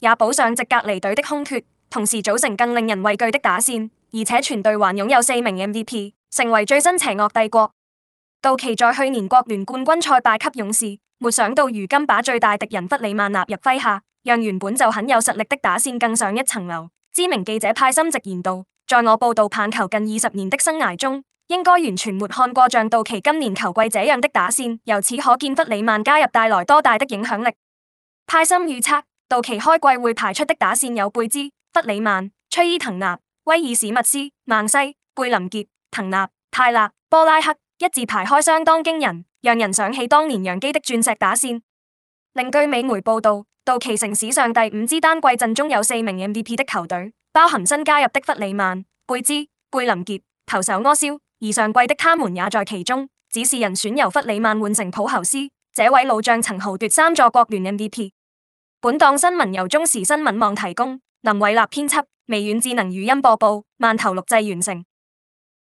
也補上席格離隊的空缺，同時組成更令人畏懼的打線，而且全隊還擁有四名 MVP，成為最新邪惡帝國。道奇在去年國聯冠軍賽敗給勇士，沒想到如今把最大敵人弗里曼納入麾下，讓原本就很有實力的打線更上一層樓。知名記者派森直言道：在我報道棒球近二十年的生涯中，應該完全沒看過像道奇今年球季這樣的打線，由此可見弗里曼加入帶來多大的影響力。派森預測。道奇開季會排出的打線有貝茲、弗里曼、崔伊滕納、威爾史密斯、孟西、貝林傑、滕納、泰勒、波拉克，一字排開相當驚人，讓人想起當年洋基的鑽石打線。另據美媒報道，道奇成史上第五支單季陣陣中有四名 MVP 的球隊，包含新加入的弗里曼、貝茲、貝林傑、投手柯肖，而上季的他們也在其中，只是人選由弗里曼換成普侯斯，這位老將曾豪奪三座國聯 MVP。本檔新聞由中時新聞網提供，林偉立編輯，微軟智能語音播報，饅頭錄製完成。